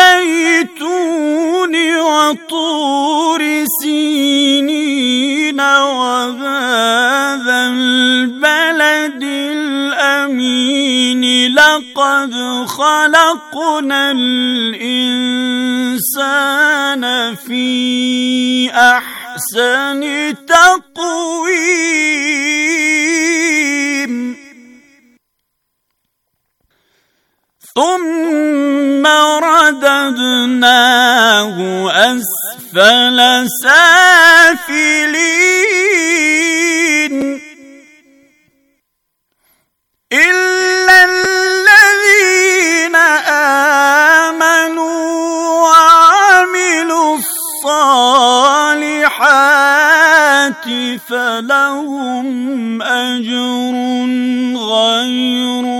الزيتون وطور سينين وهذا البلد الأمين لقد خلقنا الإنسان في أحسن تقويم ثم فرددناه أسفل سافلين إلا الذين آمنوا وعملوا الصالحات فلهم أجر غير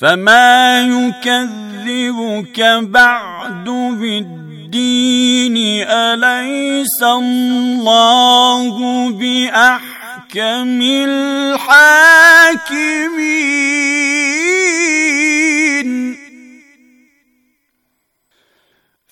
فما يكذبك بعد بالدين اليس الله باحكم الحاكمين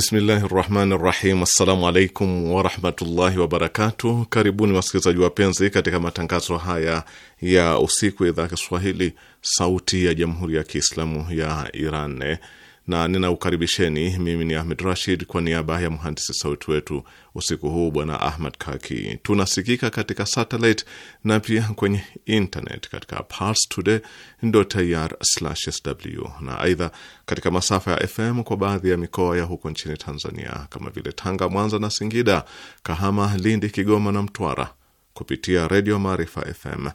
Bismillahi rahmani rahim. Assalamu alaikum warahmatullahi wabarakatuh. Karibuni wasikilizaji wapenzi katika matangazo haya ya usiku, idhaa Kiswahili sauti ya jamhuri ya Kiislamu ya Iran na ninaukaribisheni. Mimi ni Ahmed Rashid kwa niaba ya mhandisi sauti wetu usiku huu bwana Ahmad Kaki. Tunasikika katika satellite na pia kwenye internet katika parstoday.ir/sw na aidha katika masafa ya FM kwa baadhi ya mikoa ya huko nchini Tanzania kama vile Tanga, Mwanza na Singida, Kahama, Lindi, Kigoma na Mtwara kupitia redio Maarifa FM.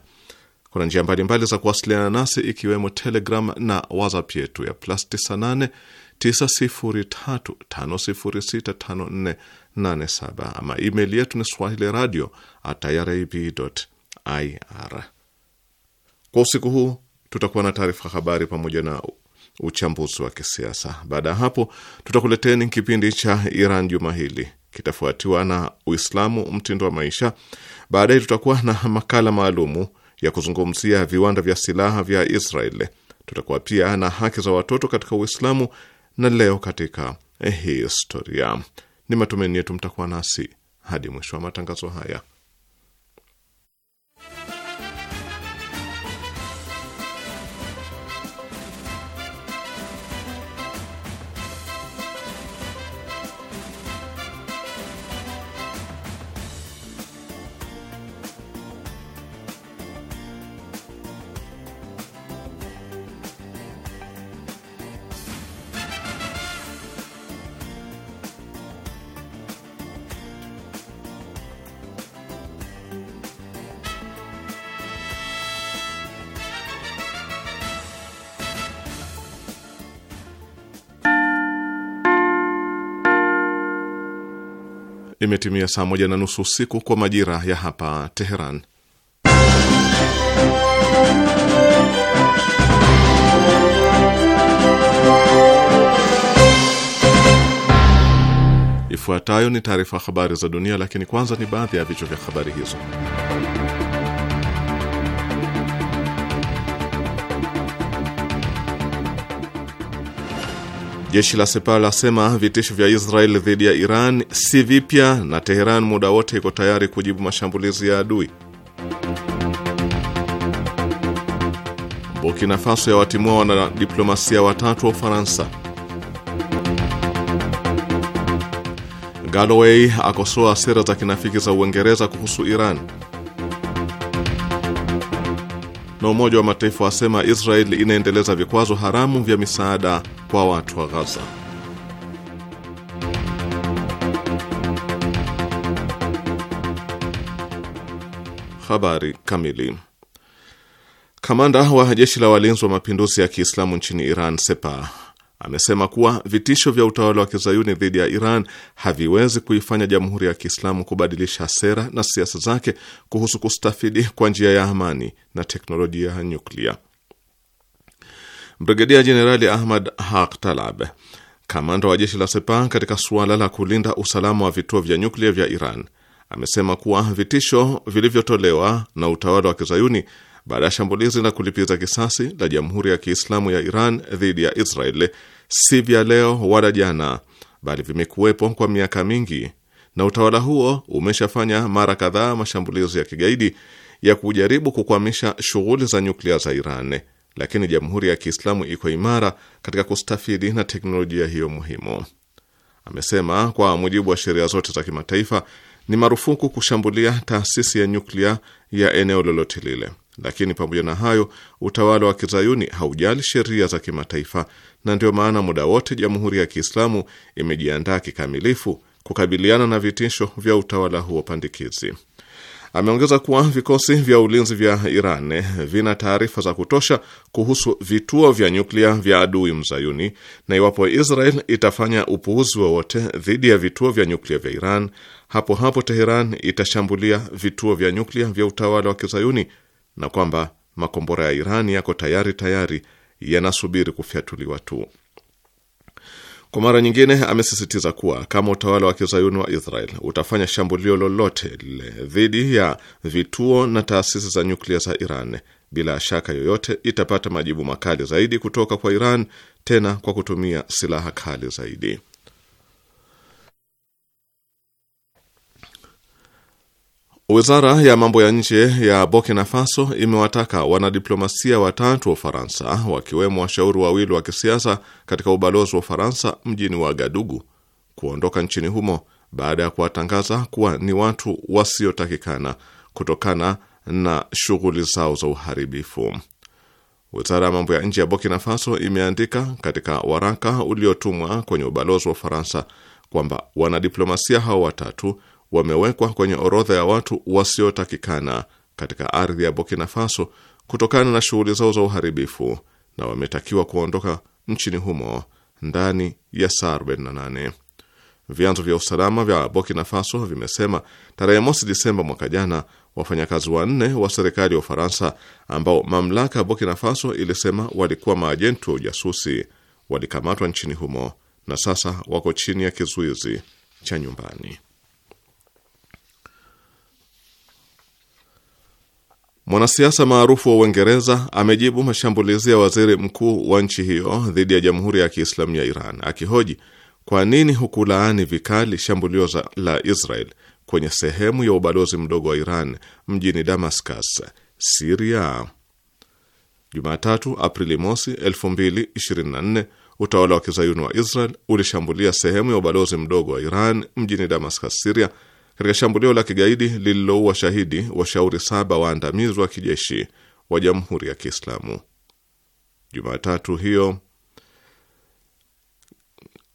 Kuna njia mbalimbali za kuwasiliana nasi ikiwemo Telegram na WhatsApp yetu ya plus 98 ama email yetu ni swahili radio at irib.ir. Kwa usiku huu tutakuwa na taarifa habari pamoja na uchambuzi wa kisiasa. Baada ya hapo, tutakuleteni kipindi cha Iran juma hili, kitafuatiwa na Uislamu mtindo wa maisha. Baadaye tutakuwa na makala maalumu ya kuzungumzia viwanda vya silaha vya Israel. Tutakuwa pia na haki za watoto katika Uislamu na leo katika eh, historia. Ni matumaini yetu mtakuwa nasi hadi mwisho wa matangazo haya. imetimia saa moja na nusu usiku kwa majira ya hapa Teheran. Ifuatayo ni taarifa habari za dunia, lakini kwanza ni baadhi ya vichwa vya habari hizo. Jeshi la Sepa lasema vitisho vya Israel dhidi ya Iran si vipya na Teheran muda wote iko tayari kujibu mashambulizi ya adui. Burkina Faso yawatimua wanadiplomasia watatu wa Ufaransa. Galloway akosoa sera za kinafiki za Uingereza kuhusu Iran na Umoja wa Mataifa wasema Israel inaendeleza vikwazo haramu vya misaada kwa watu wa Gaza. Habari kamili. Kamanda wa jeshi la walinzi wa mapinduzi ya Kiislamu nchini Iran Sepah amesema kuwa vitisho vya utawala wa kizayuni dhidi ya Iran haviwezi kuifanya Jamhuri ya Kiislamu kubadilisha sera na siasa zake kuhusu kustafidi kwa njia ya amani na teknolojia ya nyuklia. Brigedia Jenerali Ahmad Haq Talab, kamanda wa jeshi la Sepah, katika suala la kulinda usalama wa vituo vya nyuklia vya Iran amesema kuwa vitisho vilivyotolewa na utawala wa kizayuni baada ya shambulizi la kulipiza kisasi la Jamhuri ya Kiislamu ya Iran dhidi ya Israel si vya leo wala jana, bali vimekuwepo kwa miaka mingi, na utawala huo umeshafanya mara kadhaa mashambulizi ya kigaidi ya kujaribu kukwamisha shughuli za nyuklia za Iran, lakini Jamhuri ya Kiislamu iko imara katika kustafidi na teknolojia hiyo muhimu, amesema. Kwa mujibu wa sheria zote za kimataifa, ni marufuku kushambulia taasisi ya nyuklia ya eneo lolote lile. Lakini pamoja na hayo, utawala wa kizayuni haujali sheria za kimataifa, na ndio maana muda wote Jamhuri ya Kiislamu imejiandaa kikamilifu kukabiliana na vitisho vya utawala huo pandikizi. Ameongeza kuwa vikosi vya ulinzi vya Iran vina taarifa za kutosha kuhusu vituo vya nyuklia vya adui mzayuni, na iwapo Israel itafanya upuuzi wowote dhidi ya vituo vya nyuklia vya Iran, hapo hapo Teheran itashambulia vituo vya nyuklia vya utawala wa kizayuni na kwamba makombora ya Iran yako tayari tayari, yanasubiri kufyatuliwa tu. Kwa mara nyingine amesisitiza kuwa kama utawala wa kizayuni wa Israel utafanya shambulio lolote lile dhidi ya vituo na taasisi za nyuklia za Iran, bila shaka yoyote itapata majibu makali zaidi kutoka kwa Iran, tena kwa kutumia silaha kali zaidi. Wizara ya mambo ya nje ya Burkina Faso imewataka wanadiplomasia watatu wa Ufaransa, wakiwemo washauri wawili wa kisiasa katika ubalozi wa Ufaransa mjini Wagadugu, kuondoka nchini humo baada ya kuwatangaza kuwa ni watu wasiotakikana kutokana na shughuli zao za uharibifu. Wizara ya mambo ya nje ya Burkina Faso imeandika katika waraka uliotumwa kwenye ubalozi wa Ufaransa kwamba wanadiplomasia hao watatu wamewekwa kwenye orodha ya watu wasiotakikana katika ardhi ya Burkina Faso kutokana na shughuli zao za uharibifu na wametakiwa kuondoka nchini humo ndani ya saa 48. Vyanzo vya usalama vya Burkina Faso vimesema tarehe mosi Disemba mwaka jana wafanyakazi wanne wa serikali ya Ufaransa ambao mamlaka ya Burkina Faso ilisema walikuwa maajenti wa ujasusi walikamatwa nchini humo na sasa wako chini ya kizuizi cha nyumbani. Mwanasiasa maarufu wa Uingereza amejibu mashambulizi ya waziri mkuu wa nchi hiyo dhidi ya Jamhuri ya Kiislamu ya Iran akihoji kwa nini hukulaani vikali shambulio la Israel kwenye sehemu ya ubalozi mdogo wa Iran mjini Damascus, Siria. Jumatatu, Aprili mosi 2024, utawala wa kizayuni wa Israel ulishambulia sehemu ya ubalozi mdogo wa Iran mjini Damascus, Siria katika shambulio la kigaidi lililoua shahidi washauri saba waandamizi wa kijeshi wa Jamhuri ya Kiislamu. Jumatatu hiyo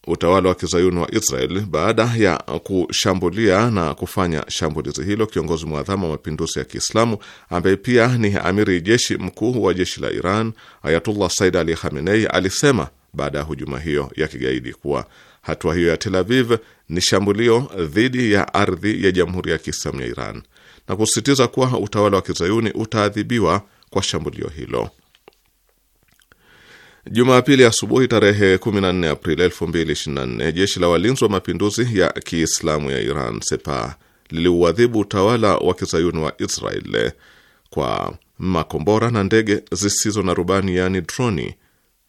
utawala wa kizayuni wa Israel baada ya kushambulia na kufanya shambulizi hilo, kiongozi mwadhamu wa mapinduzi ya Kiislamu ambaye pia ni amiri jeshi mkuu wa jeshi la Iran Ayatullah Said Ali Khamenei alisema baada ya hujuma hiyo ya kigaidi kuwa hatua hiyo ya Tel Aviv ni shambulio dhidi ya ardhi ya Jamhuri ya Kiislamu ya Iran na kusisitiza kuwa utawala wa kizayuni utaadhibiwa kwa shambulio hilo. Jumapili asubuhi tarehe 14 Aprili 2024 jeshi la walinzi wa mapinduzi ya Kiislamu ya Iran sepa liliuadhibu utawala wa kizayuni wa Israel kwa makombora na ndege zisizo na rubani, yaani droni,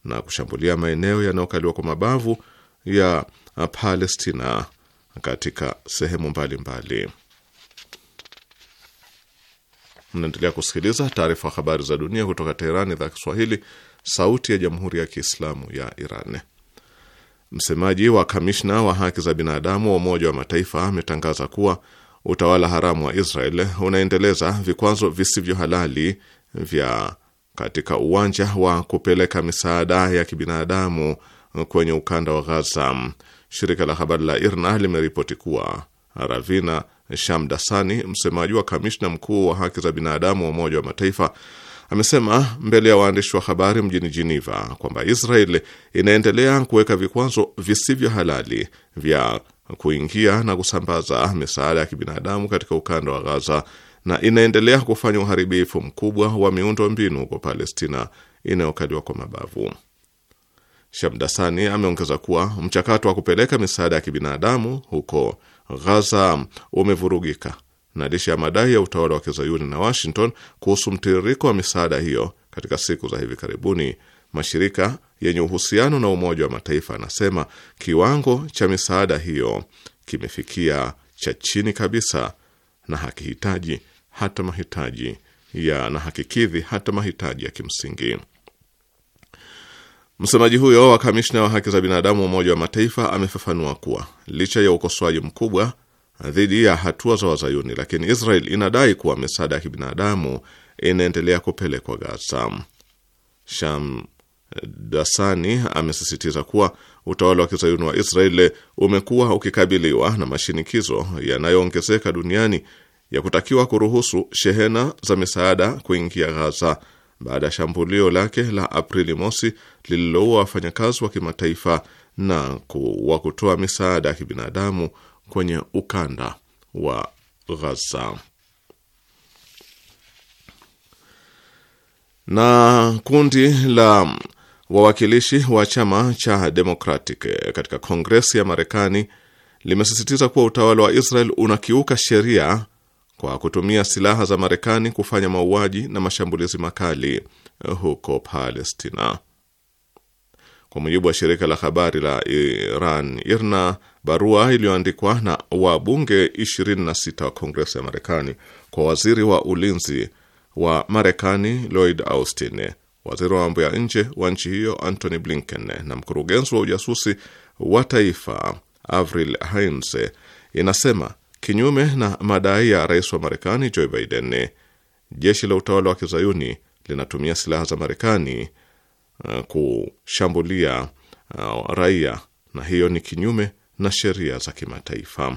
na kushambulia maeneo yanayokaliwa kwa mabavu ya Uh, Palestina katika sehemu mbalimbali. Mnaendelea kusikiliza taarifa habari za dunia kutoka Teherani, idhaa Kiswahili, sauti ya jamhuri ya kiislamu ya Iran. Msemaji wa kamishna wa haki za binadamu wa Umoja wa Mataifa ametangaza kuwa utawala haramu wa Israel unaendeleza vikwazo visivyo halali vya katika uwanja wa kupeleka misaada ya kibinadamu kwenye ukanda wa Gaza Shirika la habari la IRNA limeripoti kuwa Ravina Shamdasani, msemaji wa kamishna mkuu wa haki za binadamu wa Umoja wa Mataifa, amesema mbele ya waandishi wa habari mjini Geneva kwamba Israel inaendelea kuweka vikwazo visivyo halali vya kuingia na kusambaza misaada ya kibinadamu katika ukanda wa Gaza na inaendelea kufanya uharibifu mkubwa wa miundo mbinu huko Palestina inayokaliwa kwa mabavu. Shamdasani ameongeza kuwa mchakato wa kupeleka misaada ya kibinadamu huko Ghaza umevurugika na licha ya madai ya utawala wa kizayuni na Washington kuhusu mtiririko wa misaada hiyo katika siku za hivi karibuni, mashirika yenye uhusiano na Umoja wa Mataifa anasema kiwango cha misaada hiyo kimefikia cha chini kabisa na hakihitaji hata mahitaji ya na hakikidhi hata mahitaji ya kimsingi. Msemaji huyo wa kamishna wa haki za binadamu wa Umoja wa Mataifa amefafanua kuwa licha ya ukosoaji mkubwa dhidi ya hatua za Wazayuni, lakini Israel inadai kuwa misaada ya kibinadamu inaendelea kupelekwa Gaza. Sham Dasani amesisitiza kuwa utawala wa kizayuni wa Israel umekuwa ukikabiliwa na mashinikizo yanayoongezeka duniani ya kutakiwa kuruhusu shehena za misaada kuingia Gaza baada ya shambulio lake la Aprili mosi lililoua wafanyakazi wa kimataifa na wa kutoa misaada ya kibinadamu kwenye ukanda wa Ghaza. Na kundi la wawakilishi wa chama cha Democratic katika Kongresi ya Marekani limesisitiza kuwa utawala wa Israel unakiuka sheria kwa kutumia silaha za Marekani kufanya mauaji na mashambulizi makali eh, huko Palestina. Kwa mujibu wa shirika la habari la Iran IRNA, barua iliyoandikwa na wabunge 26 wa Kongresi ya Marekani kwa waziri wa ulinzi wa Marekani Lloyd Austin, waziri wa mambo ya nje wa nchi hiyo Antony Blinken na mkurugenzi wa ujasusi wa taifa Avril Haines inasema Kinyume na madai ya rais wa Marekani Joe Biden, jeshi la utawala wa kizayuni linatumia silaha za Marekani uh, kushambulia uh, raia, na hiyo ni kinyume na sheria za kimataifa.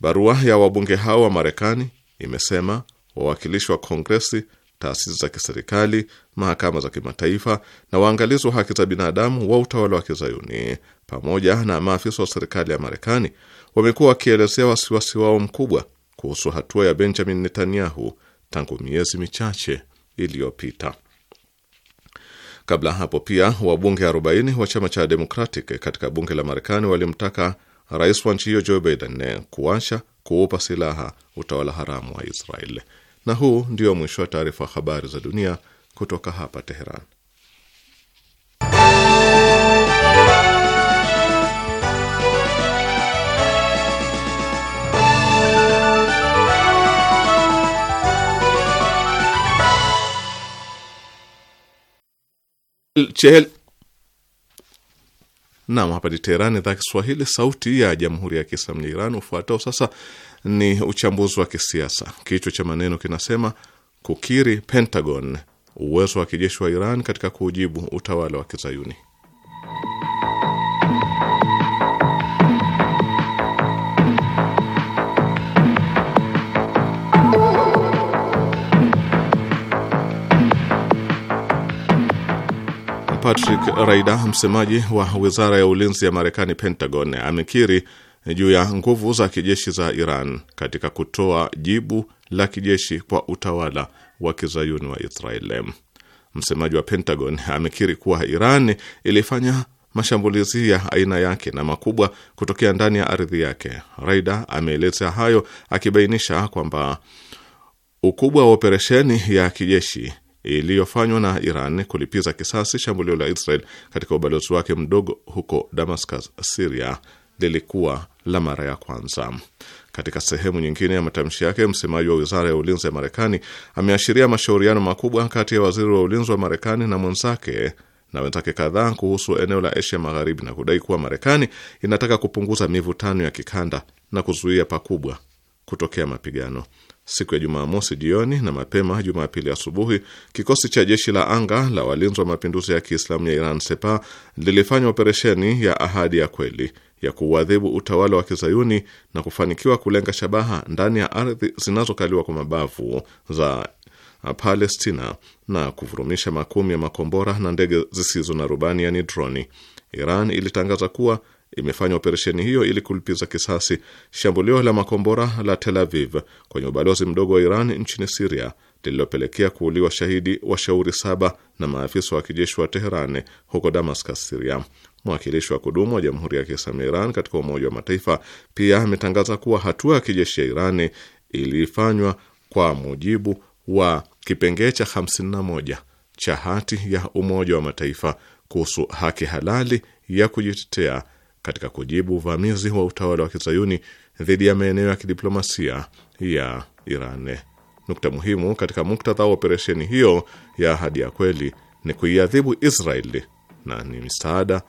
Barua ya wabunge hao wa Marekani imesema wawakilishi wa Kongresi, taasisi za kiserikali, mahakama za kimataifa na waangalizi wa haki za binadamu wa utawala wa kizayuni pamoja na maafisa wa serikali ya Marekani wamekuwa wakielezea wasiwasi wao mkubwa kuhusu hatua ya Benjamin Netanyahu tangu miezi michache iliyopita. Kabla hapo pia wabunge 40 wa chama cha Democratic katika bunge la Marekani walimtaka rais wa nchi hiyo Joe Biden kuacha kuupa silaha utawala haramu wa Israeli. Na huu ndio mwisho wa taarifa wa habari za dunia kutoka hapa Teheran. Chel... Naam, hapa ni Teherani, idhaa Kiswahili, sauti ya jamhuri ya kiislamu ya Iran. Ufuatao sasa ni uchambuzi wa kisiasa, kichwa cha maneno kinasema kukiri Pentagon uwezo wa kijeshi wa Iran katika kuujibu utawala wa Kizayuni. Patrick Raida, msemaji wa wizara ya ulinzi ya Marekani, Pentagon, amekiri juu ya nguvu za kijeshi za Iran katika kutoa jibu la kijeshi kwa utawala wa kizayuni wa Israel. Msemaji wa Pentagon amekiri kuwa Iran ilifanya mashambulizi ya aina yake na makubwa kutokea ndani ya ardhi yake. Raida ameelezea hayo akibainisha kwamba ukubwa wa operesheni ya kijeshi iliyofanywa na Iran kulipiza kisasi shambulio la Israel katika ubalozi wake mdogo huko Damascus, Syria lilikuwa la mara ya kwanza. Katika sehemu nyingine ya matamshi yake, msemaji wa wizara ya ulinzi ya Marekani ameashiria mashauriano makubwa kati ya waziri wa ulinzi wa Marekani na mwenzake na wenzake kadhaa kuhusu eneo la Asia Magharibi na kudai kuwa Marekani inataka kupunguza mivutano ya kikanda na kuzuia pakubwa kutokea mapigano siku ya Jumamosi jioni na mapema Jumapili asubuhi, kikosi cha jeshi la anga la walinzi wa mapinduzi ya Kiislamu ya Iran Sepa lilifanya operesheni ya ahadi ya kweli ya kuuadhibu utawala wa kizayuni na kufanikiwa kulenga shabaha ndani ya ardhi zinazokaliwa kwa mabavu za Palestina na kuvurumisha makumi ya makombora na ndege zisizo na rubani, yani droni. Iran ilitangaza kuwa imefanya operesheni hiyo ili kulipiza kisasi shambulio la makombora la Tel Aviv kwenye ubalozi mdogo wa Iran nchini Siria lililopelekea kuuliwa shahidi washauri saba na maafisa wa kijeshi wa Teheran huko Damascus, Siria. Mwakilishi wa kudumu wa Jamhuri ya Kiislamu ya Iran katika Umoja wa Mataifa pia ametangaza kuwa hatua ya kijeshi ya Irani ilifanywa kwa mujibu wa kipengee cha 51 cha hati ya Umoja wa Mataifa kuhusu haki halali ya kujitetea katika kujibu uvamizi wa utawala wa kizayuni dhidi ya maeneo ya kidiplomasia ya Iran. Nukta muhimu katika muktadha wa operesheni hiyo ya ahadi ya kweli ni kuiadhibu Israeli na ni misaada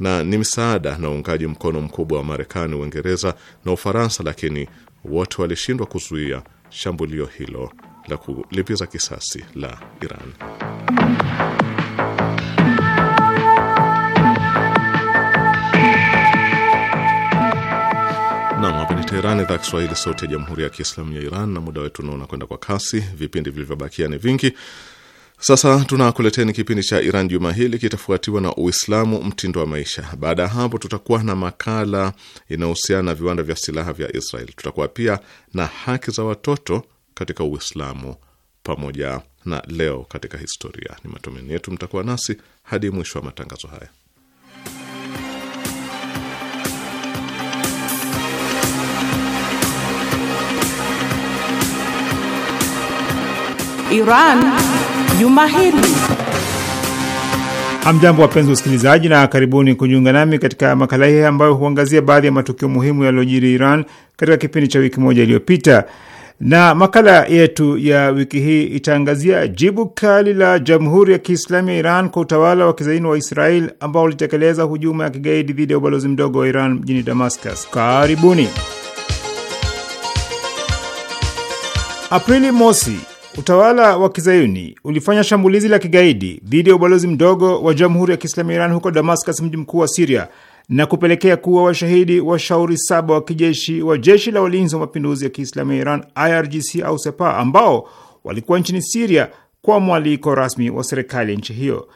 na ni msaada na uungaji mkono mkubwa wa Marekani, Uingereza na Ufaransa, lakini wote walishindwa kuzuia shambulio hilo la kulipiza kisasi la Iran. Teheran, idhaa Kiswahili, sauti ya jamhuri ya kiislamu ya Iran. Na muda wetu unaona kwenda kwa kasi, vipindi vilivyobakia ni vingi. Sasa tunakuleteni kipindi cha Iran juma hili, kitafuatiwa na Uislamu mtindo wa maisha. Baada ya hapo, tutakuwa na makala inayohusiana na viwanda vya silaha vya Israel. Tutakuwa pia na haki za watoto katika Uislamu pamoja na leo katika historia. Ni matumaini yetu mtakuwa nasi hadi mwisho wa matangazo haya. Iran juma hili. Hamjambo, wapenzi wasikilizaji, na karibuni kujiunga nami katika makala hii ambayo huangazia baadhi ya matukio muhimu yaliyojiri Iran katika kipindi cha wiki moja iliyopita. Na makala yetu ya wiki hii itaangazia jibu kali la Jamhuri ya Kiislamu ya Iran kwa utawala wa kizaini wa Israel ambao ulitekeleza hujuma ya kigaidi dhidi ya ubalozi mdogo wa Iran mjini Damascus. Karibuni. Aprili mosi Utawala wa kizayuni ulifanya shambulizi la kigaidi dhidi ya ubalozi mdogo wa jamhuri ya kiislamu ya Iran huko Damascus, mji mkuu wa Siria, na kupelekea kuwa washahidi washauri saba wa kijeshi wa jeshi la walinzi wa mapinduzi ya kiislamu ya Iran, IRGC au Sepa, ambao walikuwa nchini Siria kwa mwaliko rasmi wa serikali ya nchi hiyo.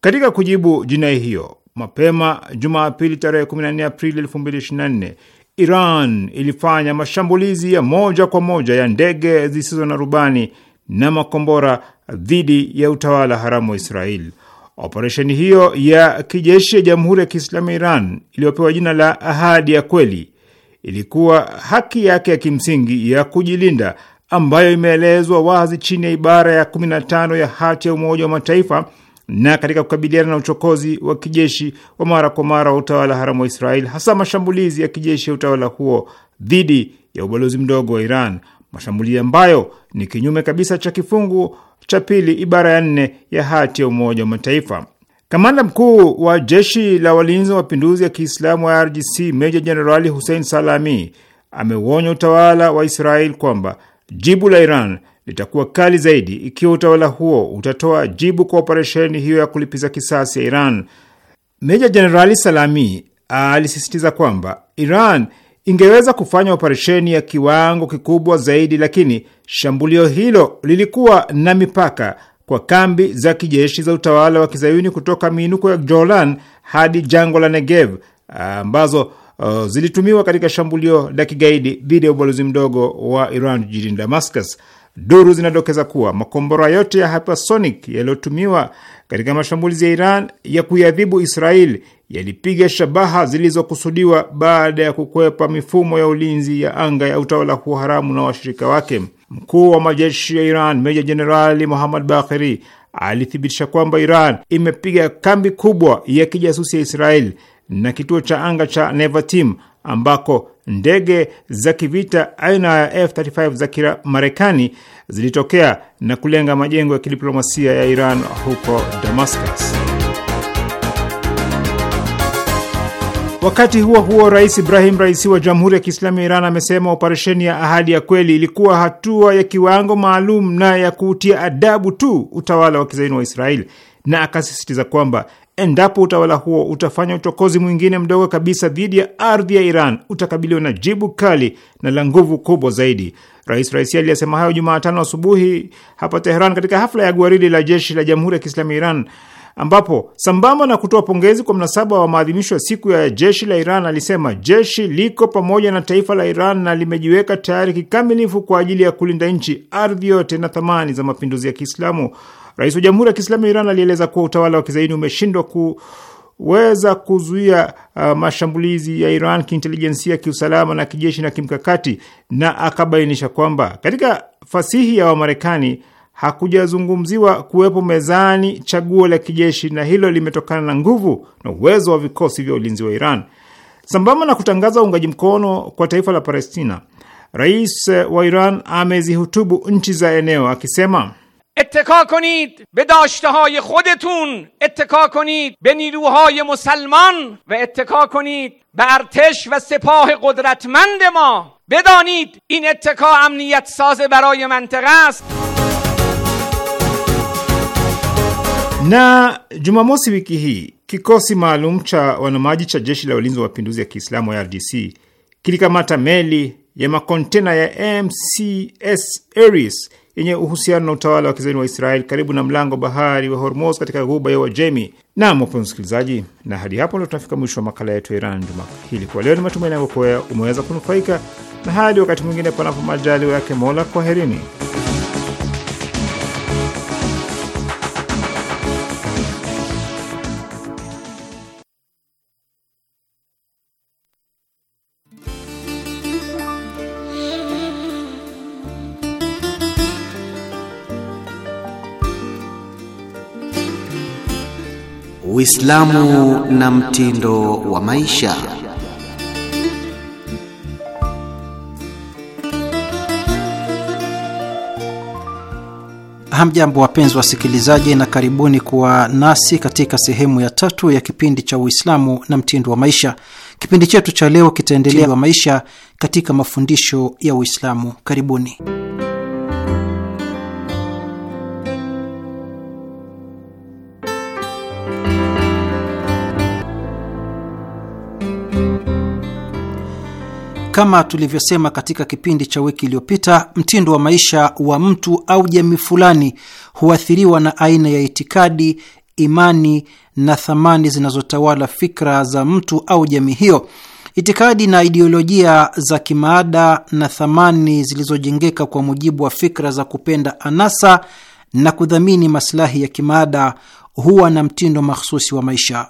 Katika kujibu jinai hiyo, mapema Jumapili tarehe 14 Aprili 2024 Iran ilifanya mashambulizi ya moja kwa moja ya ndege zisizo na rubani na makombora dhidi ya utawala haramu wa Israeli. Operesheni hiyo ya kijeshi ya Jamhuri ya Kiislamu ya Iran iliyopewa jina la Ahadi ya Kweli ilikuwa haki yake ya kimsingi ya kujilinda ambayo imeelezwa wazi chini ya ibara ya 15 ya hati ya Umoja wa Mataifa na katika kukabiliana na uchokozi wa kijeshi wa mara kwa mara wa utawala haramu wa Israeli, hasa mashambulizi ya kijeshi ya utawala huo dhidi ya ubalozi mdogo wa Iran mashambulio ambayo ni kinyume kabisa cha kifungu cha pili ibara ya nne ya hati ya Umoja wa Mataifa. Kamanda mkuu wa jeshi la walinzi wa mapinduzi ya Kiislamu wa IRGC meja jenerali Hussein Salami ameuonya utawala wa israel kwamba jibu la Iran litakuwa kali zaidi ikiwa utawala huo utatoa jibu kwa operesheni hiyo ya kulipiza kisasi ya Iran. Meja jenerali Salami alisisitiza kwamba Iran ingeweza kufanya operesheni ya kiwango kikubwa zaidi, lakini shambulio hilo lilikuwa na mipaka kwa kambi za kijeshi za utawala wa kizayuni kutoka miinuko ya jolan hadi jangwa la Negev ambazo uh, zilitumiwa katika shambulio la kigaidi dhidi ya ubalozi mdogo wa Iran jijini Damascus. Duru zinadokeza kuwa makombora yote ya hypersonic yaliyotumiwa katika mashambulizi ya Iran ya kuiadhibu Israel yalipiga shabaha zilizokusudiwa baada ya kukwepa mifumo ya ulinzi ya anga ya utawala huo haramu na washirika wake. Mkuu wa majeshi ya Iran Meja Jenerali Muhammad Bakhiri alithibitisha kwamba Iran imepiga kambi kubwa ya kijasusi ya Israel na kituo cha anga cha Nevatim ambako ndege za kivita aina ya F35 za Marekani zilitokea na kulenga majengo ya kidiplomasia ya Iran huko Damascus. Wakati huo huo, Rais Ibrahim Raisi wa Jamhuri ya Kiislamu ya Iran amesema operesheni ya Ahadi ya Kweli ilikuwa hatua ya kiwango maalum na ya kuutia adabu tu utawala wa kizaini wa israel na akasisitiza kwamba endapo utawala huo utafanya uchokozi mwingine mdogo kabisa dhidi ya ardhi ya Iran utakabiliwa na jibu kali na la nguvu kubwa zaidi. Rais Raisi aliyesema hayo Jumatano asubuhi hapa Teheran katika hafla ya gwaridi la jeshi la Jamhuri ya Kiislamu ya Iran ambapo sambamba na kutoa pongezi kwa mnasaba wa maadhimisho ya siku ya jeshi la Iran alisema jeshi liko pamoja na taifa la Iran na limejiweka tayari kikamilifu kwa ajili ya kulinda nchi, ardhi yote na thamani za mapinduzi ya Kiislamu. Rais wa Jamhuri ya Kiislamu ya Iran alieleza kuwa utawala wa kizaini umeshindwa ku weza kuzuia uh, mashambulizi ya Iran kiintelijensia, kiusalama na kijeshi na kimkakati, na akabainisha kwamba katika fasihi ya Wamarekani hakujazungumziwa kuwepo mezani chaguo la kijeshi, na hilo limetokana na nguvu na uwezo wa vikosi vya ulinzi wa Iran. Sambamba na kutangaza uungaji mkono kwa taifa la Palestina, rais wa Iran amezihutubu nchi za eneo akisema itteka konid be dashtahay khudetun itteka konid be niruhay musalman va itteka konid be artesh va sepah qudratmand ma bedanid in itteka amniyat saz baraye mantaqe ast Na Jumamosi wiki hii kikosi maalum cha wanamaji cha jeshi la ulinzi wa mapinduzi ya Kiislamu ya RDC kilikamata meli ya makontena ya MCS Aris yenye uhusiano na utawala wa kizayuni wa Israel karibu na mlango bahari wa Hormuz katika ghuba ya Uajemi. Na wapenzi msikilizaji, na hadi hapo ndo tunafika mwisho wa makala yetu ya Iran juma hili kwa leo. Ni matumaini yangu kuwa umeweza kunufaika, na hadi wakati mwingine, panapo majaliwa yake Mola, kwaherini. Uislamu na mtindo wa maisha. Hamjambo, wapenzi wasikilizaji, na karibuni kuwa nasi katika sehemu ya tatu ya kipindi cha Uislamu na mtindo wa maisha. Kipindi chetu cha leo kitaendelea wa maisha katika mafundisho ya Uislamu. Karibuni. Kama tulivyosema katika kipindi cha wiki iliyopita, mtindo wa maisha wa mtu au jamii fulani huathiriwa na aina ya itikadi, imani na thamani zinazotawala fikra za mtu au jamii hiyo. Itikadi na ideolojia za kimaada na thamani zilizojengeka kwa mujibu wa fikra za kupenda anasa na kudhamini masilahi ya kimaada huwa na mtindo mahsusi wa maisha.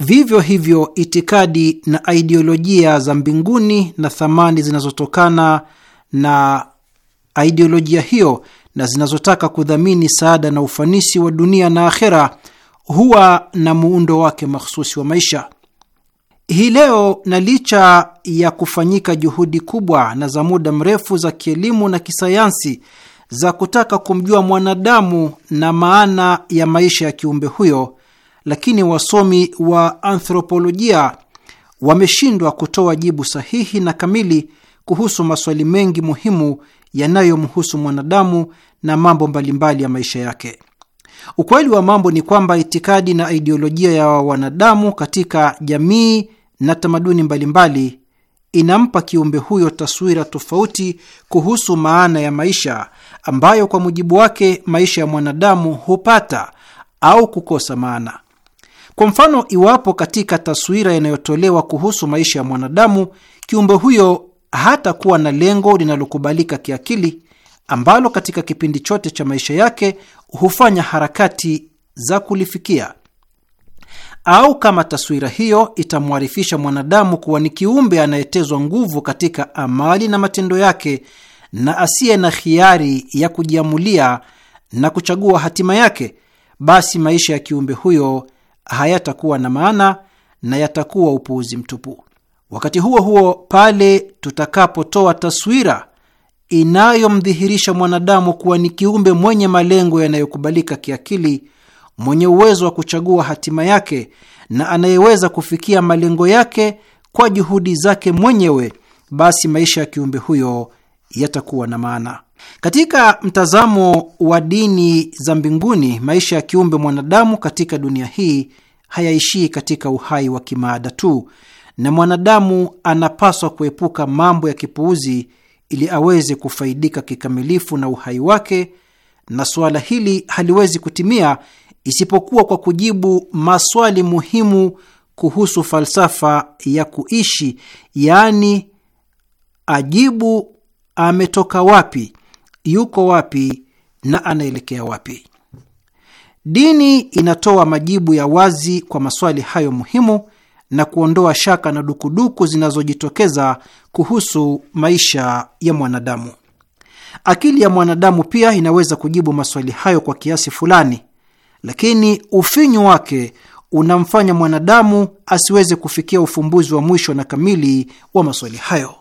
Vivyo hivyo, itikadi na aidiolojia za mbinguni na thamani zinazotokana na aidiolojia hiyo na zinazotaka kudhamini saada na ufanisi wa dunia na akhera huwa na muundo wake mahsusi wa maisha hii leo. Na licha ya kufanyika juhudi kubwa na za muda mrefu za kielimu na kisayansi za kutaka kumjua mwanadamu na maana ya maisha ya kiumbe huyo lakini wasomi wa anthropolojia wameshindwa kutoa jibu sahihi na kamili kuhusu maswali mengi muhimu yanayomhusu mwanadamu na mambo mbalimbali ya maisha yake. Ukweli wa mambo ni kwamba itikadi na idiolojia ya wanadamu katika jamii na tamaduni mbalimbali inampa kiumbe huyo taswira tofauti kuhusu maana ya maisha ambayo kwa mujibu wake maisha ya mwanadamu hupata au kukosa maana. Kwa mfano, iwapo katika taswira inayotolewa kuhusu maisha ya mwanadamu kiumbe huyo hatakuwa na lengo linalokubalika kiakili ambalo katika kipindi chote cha maisha yake hufanya harakati za kulifikia, au kama taswira hiyo itamwarifisha mwanadamu kuwa ni kiumbe anayetezwa nguvu katika amali na matendo yake na asiye na hiari ya kujiamulia na kuchagua hatima yake, basi maisha ya kiumbe huyo hayatakuwa na maana na yatakuwa upuuzi mtupu. Wakati huo huo, pale tutakapotoa taswira inayomdhihirisha mwanadamu kuwa ni kiumbe mwenye malengo yanayokubalika kiakili, mwenye uwezo wa kuchagua hatima yake na anayeweza kufikia malengo yake kwa juhudi zake mwenyewe, basi maisha ya kiumbe huyo yatakuwa na maana. Katika mtazamo wa dini za mbinguni, maisha ya kiumbe mwanadamu katika dunia hii hayaishii katika uhai wa kimaada tu, na mwanadamu anapaswa kuepuka mambo ya kipuuzi ili aweze kufaidika kikamilifu na uhai wake, na suala hili haliwezi kutimia isipokuwa kwa kujibu maswali muhimu kuhusu falsafa ya kuishi, yaani ajibu ametoka wapi yuko wapi na anaelekea wapi. Dini inatoa majibu ya wazi kwa maswali hayo muhimu na kuondoa shaka na dukuduku zinazojitokeza kuhusu maisha ya mwanadamu. Akili ya mwanadamu pia inaweza kujibu maswali hayo kwa kiasi fulani, lakini ufinyu wake unamfanya mwanadamu asiweze kufikia ufumbuzi wa mwisho na kamili wa maswali hayo.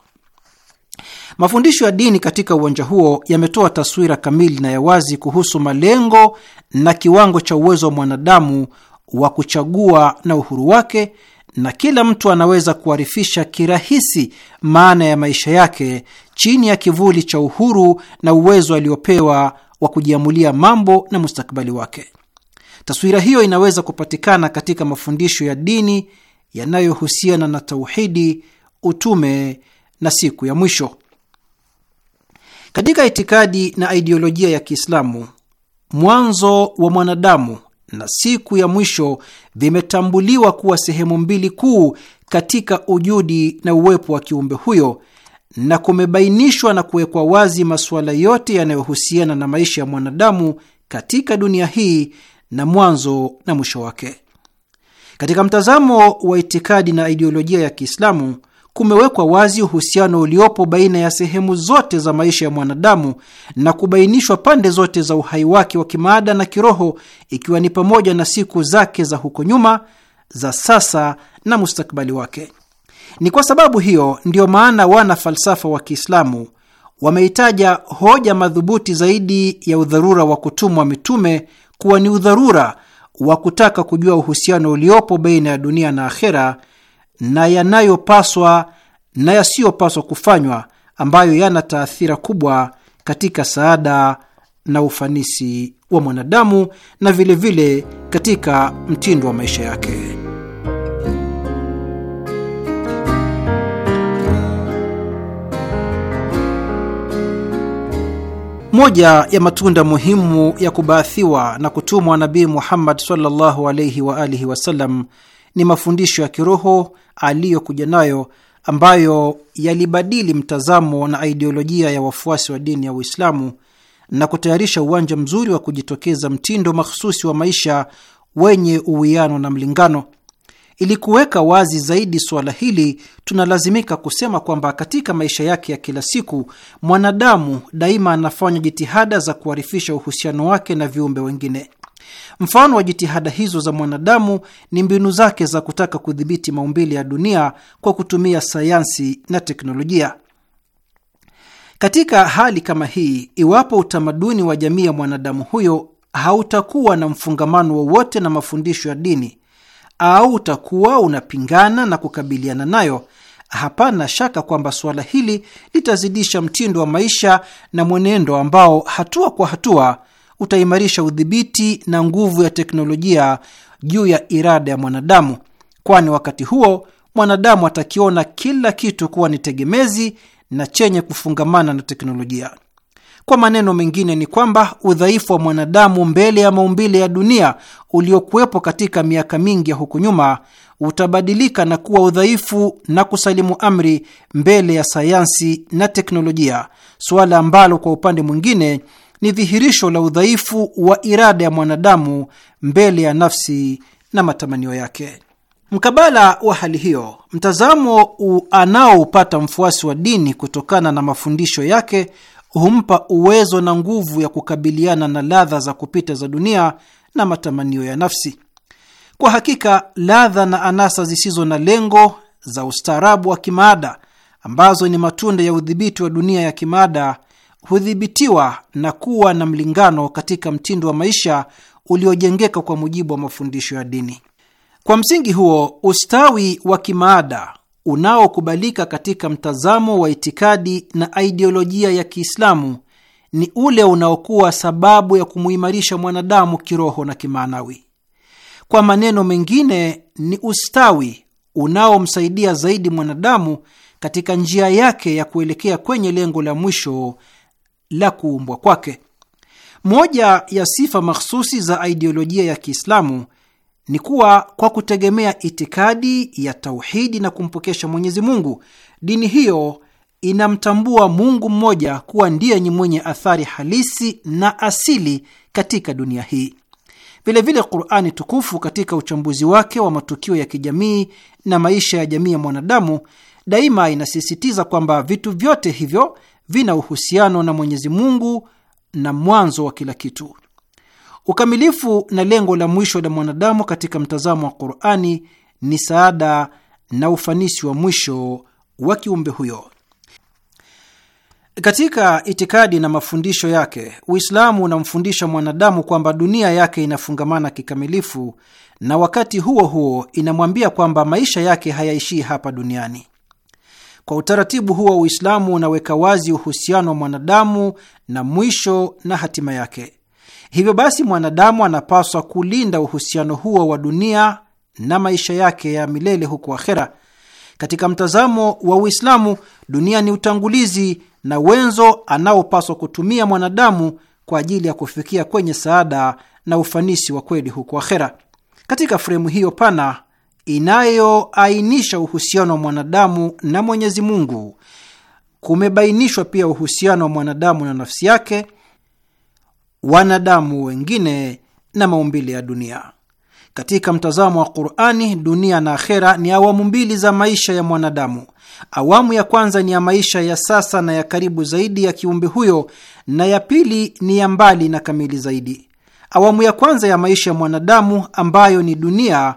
Mafundisho ya dini katika uwanja huo yametoa taswira kamili na ya wazi kuhusu malengo na kiwango cha uwezo wa mwanadamu wa kuchagua na uhuru wake, na kila mtu anaweza kuarifisha kirahisi maana ya maisha yake chini ya kivuli cha uhuru na uwezo aliopewa wa kujiamulia mambo na mustakabali wake. Taswira hiyo inaweza kupatikana katika mafundisho ya dini yanayohusiana na tauhidi, utume na siku ya mwisho. Katika itikadi na aidiolojia ya Kiislamu, mwanzo wa mwanadamu na siku ya mwisho vimetambuliwa kuwa sehemu mbili kuu katika ujudi na uwepo wa kiumbe huyo, na kumebainishwa na kuwekwa wazi masuala yote yanayohusiana na maisha ya mwanadamu katika dunia hii na mwanzo na mwisho wake. Katika mtazamo wa itikadi na ideolojia ya Kiislamu, kumewekwa wazi uhusiano uliopo baina ya sehemu zote za maisha ya mwanadamu na kubainishwa pande zote za uhai wake wa kimaada na kiroho, ikiwa ni pamoja na siku zake za huko nyuma, za sasa na mustakabali wake. Ni kwa sababu hiyo ndiyo maana wana falsafa wa Kiislamu wameitaja hoja madhubuti zaidi ya udharura wa kutumwa mitume kuwa ni udharura wa kutaka kujua uhusiano uliopo baina ya dunia na akhera na yanayopaswa na yasiyopaswa kufanywa ambayo yana taathira kubwa katika saada na ufanisi wa mwanadamu na vilevile vile katika mtindo wa maisha yake. Moja ya matunda muhimu ya kubaathiwa na kutumwa Nabii Muhammad sallallahu alaihi wa alihi wasallam ni mafundisho ya kiroho aliyokuja nayo ambayo yalibadili mtazamo na ideolojia ya wafuasi wa dini ya Uislamu na kutayarisha uwanja mzuri wa kujitokeza mtindo mahsusi wa maisha wenye uwiano na mlingano. Ili kuweka wazi zaidi suala hili, tunalazimika kusema kwamba katika maisha yake ya kila siku mwanadamu daima anafanya jitihada za kuharifisha uhusiano wake na viumbe wengine. Mfano wa jitihada hizo za mwanadamu ni mbinu zake za kutaka kudhibiti maumbile ya dunia kwa kutumia sayansi na teknolojia. Katika hali kama hii, iwapo utamaduni wa jamii ya mwanadamu huyo hautakuwa na mfungamano wowote na mafundisho ya dini au utakuwa unapingana na kukabiliana nayo, hapana shaka kwamba suala hili litazidisha mtindo wa maisha na mwenendo ambao hatua kwa hatua utaimarisha udhibiti na nguvu ya teknolojia juu ya irada ya mwanadamu, kwani wakati huo mwanadamu atakiona kila kitu kuwa ni tegemezi na chenye kufungamana na teknolojia. Kwa maneno mengine ni kwamba udhaifu wa mwanadamu mbele ya maumbile ya dunia uliokuwepo katika miaka mingi ya huko nyuma utabadilika na kuwa udhaifu na kusalimu amri mbele ya sayansi na teknolojia, suala ambalo kwa upande mwingine ni dhihirisho la udhaifu wa irada ya mwanadamu mbele ya nafsi na matamanio yake. Mkabala wa hali hiyo, mtazamo anaoupata mfuasi wa dini kutokana na mafundisho yake humpa uwezo na nguvu ya kukabiliana na ladha za kupita za dunia na matamanio ya nafsi. Kwa hakika, ladha na anasa zisizo na lengo za ustaarabu wa kimaada ambazo ni matunda ya udhibiti wa dunia ya kimaada hudhibitiwa na kuwa na mlingano katika mtindo wa maisha uliojengeka kwa mujibu wa mafundisho ya dini. Kwa msingi huo, ustawi wa kimaada unaokubalika katika mtazamo wa itikadi na idiolojia ya Kiislamu ni ule unaokuwa sababu ya kumuimarisha mwanadamu kiroho na kimaanawi. Kwa maneno mengine, ni ustawi unaomsaidia zaidi mwanadamu katika njia yake ya kuelekea kwenye lengo la mwisho la kuumbwa kwake. Moja ya sifa mahsusi za aidiolojia ya Kiislamu ni kuwa kwa kutegemea itikadi ya tauhidi na kumpokesha Mwenyezi Mungu, dini hiyo inamtambua Mungu mmoja kuwa ndiye ni mwenye athari halisi na asili katika dunia hii. Vilevile, Qurani tukufu katika uchambuzi wake wa matukio ya kijamii na maisha ya jamii ya mwanadamu daima inasisitiza kwamba vitu vyote hivyo vina uhusiano na Mwenyezi Mungu na mwanzo wa kila kitu. Ukamilifu na lengo la mwisho la mwanadamu katika mtazamo wa Qur'ani ni saada na ufanisi wa mwisho wa kiumbe huyo. Katika itikadi na mafundisho yake, Uislamu unamfundisha mwanadamu kwamba dunia yake inafungamana kikamilifu, na wakati huo huo inamwambia kwamba maisha yake hayaishii hapa duniani. Kwa utaratibu huo, Uislamu unaweka wazi uhusiano wa mwanadamu na mwisho na hatima yake. Hivyo basi, mwanadamu anapaswa kulinda uhusiano huo wa dunia na maisha yake ya milele huko akhera. Katika mtazamo wa Uislamu, dunia ni utangulizi na wenzo anaopaswa kutumia mwanadamu kwa ajili ya kufikia kwenye saada na ufanisi wa kweli huko akhera. Katika fremu hiyo pana inayoainisha uhusiano wa mwanadamu na Mwenyezi Mungu, kumebainishwa pia uhusiano wa mwanadamu na nafsi yake, wanadamu wengine na maumbile ya dunia. Katika mtazamo wa Qur'ani, dunia na akhera ni awamu mbili za maisha ya mwanadamu. Awamu ya kwanza ni ya maisha ya sasa na ya karibu zaidi ya kiumbe huyo, na ya pili ni ya mbali na kamili zaidi. Awamu ya kwanza ya maisha ya mwanadamu ambayo ni dunia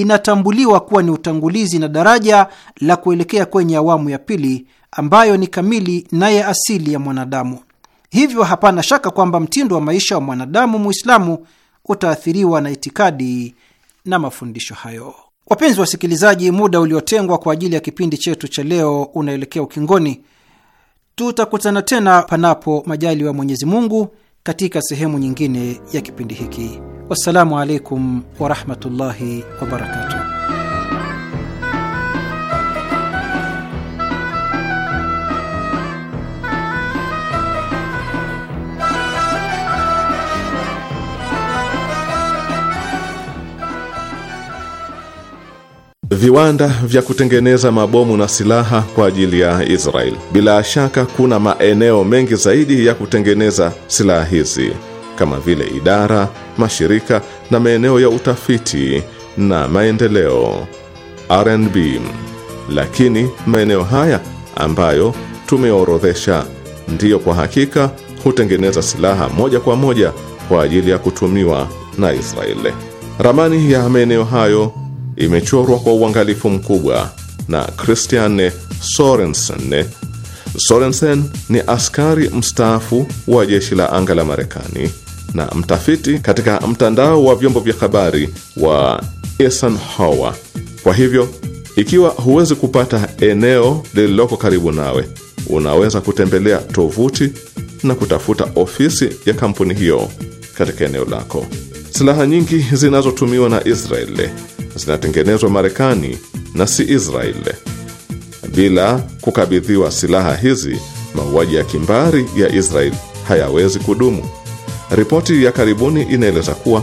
inatambuliwa kuwa ni utangulizi na daraja la kuelekea kwenye awamu ya pili ambayo ni kamili na ya asili ya mwanadamu. Hivyo hapana shaka kwamba mtindo wa maisha wa mwanadamu Muislamu utaathiriwa na itikadi na mafundisho hayo. Wapenzi wasikilizaji, muda uliotengwa kwa ajili ya kipindi chetu cha leo unaelekea ukingoni. Tutakutana tena panapo majaliwa Mwenyezi Mungu katika sehemu nyingine ya kipindi hiki. Wassalamu alaikum warahmatullahi wabarakatuh. viwanda vya kutengeneza mabomu na silaha kwa ajili ya Israel. Bila shaka kuna maeneo mengi zaidi ya kutengeneza silaha hizi kama vile idara, mashirika na maeneo ya utafiti na maendeleo R&B. Lakini maeneo haya ambayo tumeorodhesha ndiyo kwa hakika hutengeneza silaha moja kwa moja kwa ajili ya kutumiwa na Israeli. Ramani ya maeneo hayo imechorwa kwa uangalifu mkubwa na Christian Sorensen. Sorensen ni askari mstaafu wa jeshi la anga la Marekani na mtafiti katika mtandao wa vyombo vya habari wa Eisenhower. Kwa hivyo, ikiwa huwezi kupata eneo lililoko karibu nawe, unaweza kutembelea tovuti na kutafuta ofisi ya kampuni hiyo katika eneo lako. Silaha nyingi zinazotumiwa na Israeli zinatengenezwa Marekani na si Israel. Bila kukabidhiwa silaha hizi, mauaji ya kimbari ya Israel hayawezi kudumu. Ripoti ya karibuni inaeleza kuwa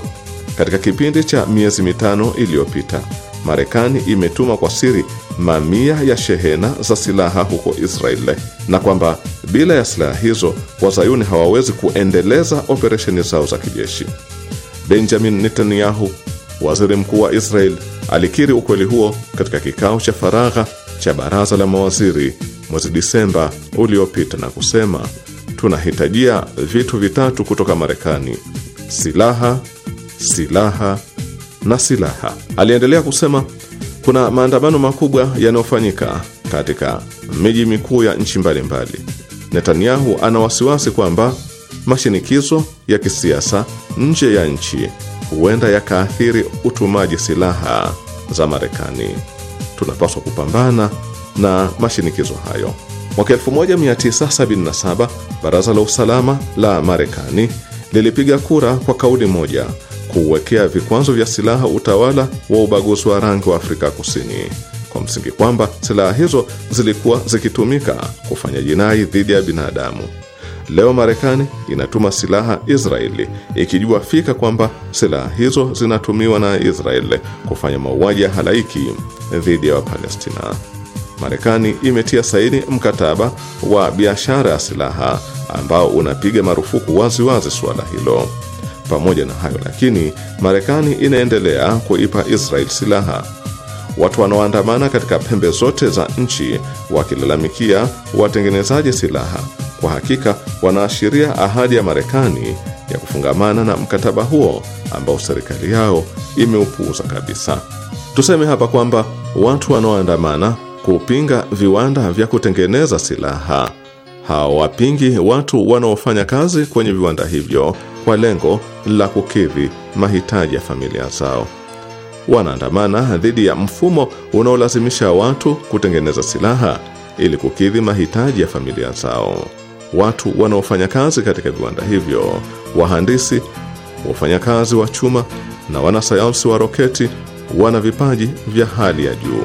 katika kipindi cha miezi mitano iliyopita, Marekani imetuma kwa siri mamia ya shehena za silaha huko Israel na kwamba bila ya silaha hizo wazayuni hawawezi kuendeleza operesheni zao za kijeshi. Benjamin Netanyahu Waziri mkuu wa Israel alikiri ukweli huo katika kikao cha faragha cha baraza la mawaziri mwezi Disemba uliopita na kusema, tunahitajia vitu vitatu kutoka Marekani: silaha, silaha na silaha. Aliendelea kusema kuna maandamano makubwa yanayofanyika katika miji mikuu ya nchi mbalimbali. Netanyahu ana wasiwasi kwamba mashinikizo ya kisiasa nje ya nchi huenda yakaathiri utumaji silaha za Marekani. Tunapaswa kupambana na mashinikizo hayo. Mwaka 1977 baraza la usalama la Marekani lilipiga kura kwa kauli moja kuuwekea vikwazo vya silaha utawala wa ubaguzi wa rangi wa Afrika Kusini kwa msingi kwamba silaha hizo zilikuwa zikitumika kufanya jinai dhidi ya binadamu. Leo Marekani inatuma silaha Israeli ikijua fika kwamba silaha hizo zinatumiwa na Israeli kufanya mauaji ya halaiki dhidi ya Wapalestina. Marekani imetia saini mkataba wa biashara ya silaha ambao unapiga marufuku waziwazi wazi suala hilo. Pamoja na hayo lakini, Marekani inaendelea kuipa Israel silaha watu wanaoandamana katika pembe zote za nchi wakilalamikia watengenezaji silaha kwa hakika wanaashiria ahadi ya Marekani ya kufungamana na mkataba huo ambao serikali yao imeupuuza kabisa. Tuseme hapa kwamba watu wanaoandamana kupinga viwanda vya kutengeneza silaha hawapingi watu wanaofanya kazi kwenye viwanda hivyo kwa lengo la kukidhi mahitaji ya familia zao wanaandamana dhidi ya mfumo unaolazimisha watu kutengeneza silaha ili kukidhi mahitaji ya familia zao. Watu wanaofanya kazi katika viwanda hivyo, wahandisi, wafanyakazi wa chuma na wanasayansi wa roketi, wana vipaji vya hali ya juu,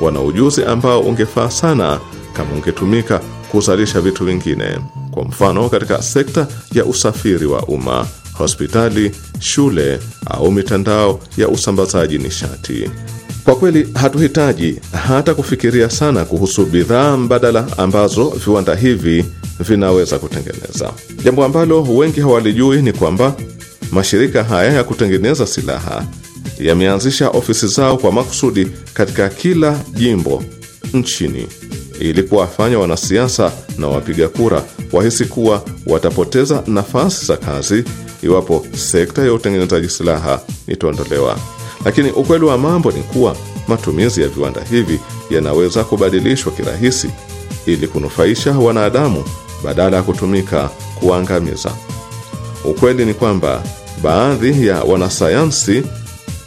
wana ujuzi ambao ungefaa sana kama ungetumika kuzalisha vitu vingine, kwa mfano katika sekta ya usafiri wa umma hospitali, shule au mitandao ya usambazaji nishati. Kwa kweli hatuhitaji hata kufikiria sana kuhusu bidhaa mbadala ambazo viwanda hivi vinaweza kutengeneza. Jambo ambalo wengi hawalijui ni kwamba mashirika haya ya kutengeneza silaha yameanzisha ofisi zao kwa makusudi katika kila jimbo nchini ili kuwafanya wanasiasa na wapiga kura wahisi kuwa watapoteza nafasi za kazi iwapo sekta ya utengenezaji silaha itaondolewa. Lakini ukweli wa mambo ni kuwa matumizi ya viwanda hivi yanaweza kubadilishwa kirahisi ili kunufaisha wanadamu badala ya kutumika kuangamiza. Ukweli ni kwamba baadhi ya wanasayansi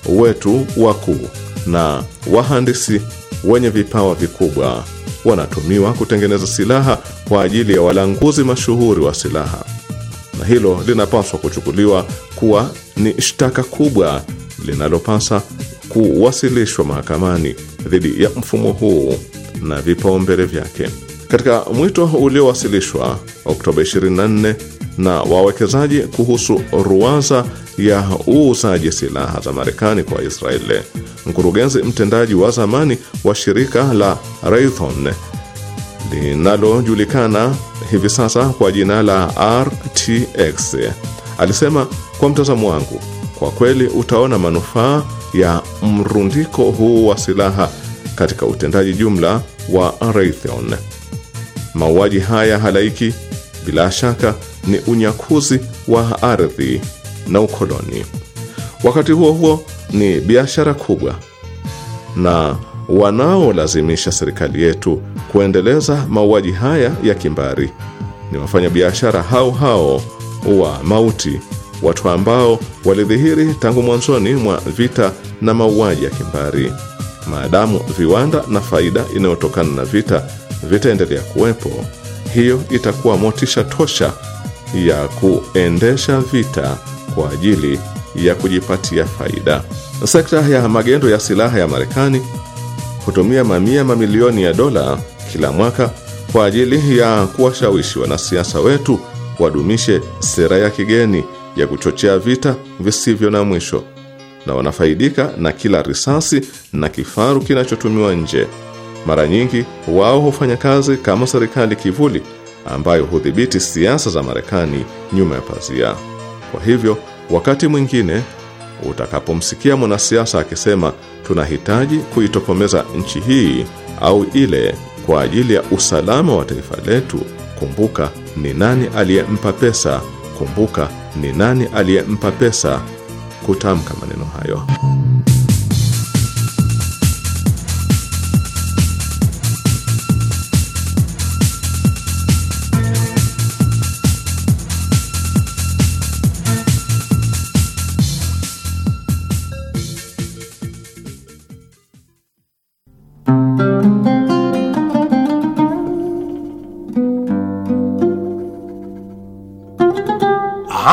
wetu wakuu na wahandisi wenye vipawa vikubwa wanatumiwa kutengeneza silaha kwa ajili ya walanguzi mashuhuri wa silaha, na hilo linapaswa kuchukuliwa kuwa ni shtaka kubwa linalopasa kuwasilishwa mahakamani dhidi ya mfumo huu na vipaumbele vyake. Katika mwito uliowasilishwa Oktoba 24 na wawekezaji kuhusu ruwaza ya uuzaji silaha za Marekani kwa Israeli. Mkurugenzi mtendaji wa zamani wa shirika la Raytheon linalojulikana hivi sasa kwa jina la RTX alisema, kwa mtazamo wangu, kwa kweli utaona manufaa ya mrundiko huu wa silaha katika utendaji jumla wa Raytheon. Mauaji haya halaiki bila shaka ni unyakuzi wa ardhi na ukoloni. Wakati huo huo, ni biashara kubwa, na wanaolazimisha serikali yetu kuendeleza mauaji haya ya kimbari ni wafanyabiashara hao hao wa mauti, watu ambao walidhihiri tangu mwanzoni mwa vita na mauaji ya kimbari. Maadamu viwanda na faida inayotokana na vita vitaendelea kuwepo, hiyo itakuwa motisha tosha ya kuendesha vita kwa ajili ya kujipatia faida. Sekta ya magendo ya silaha ya Marekani hutumia mamia mamilioni ya dola kila mwaka kwa ajili ya kuwashawishi wanasiasa wetu wadumishe sera ya kigeni ya kuchochea vita visivyo na mwisho, na wanafaidika na kila risasi na kifaru kinachotumiwa nje. Mara nyingi wao hufanya kazi kama serikali kivuli ambayo hudhibiti siasa za Marekani nyuma ya pazia. Kwa hivyo, wakati mwingine utakapomsikia mwanasiasa akisema tunahitaji kuitokomeza nchi hii au ile kwa ajili ya usalama wa taifa letu, kumbuka ni nani aliyempa pesa, kumbuka ni nani aliyempa pesa kutamka maneno hayo.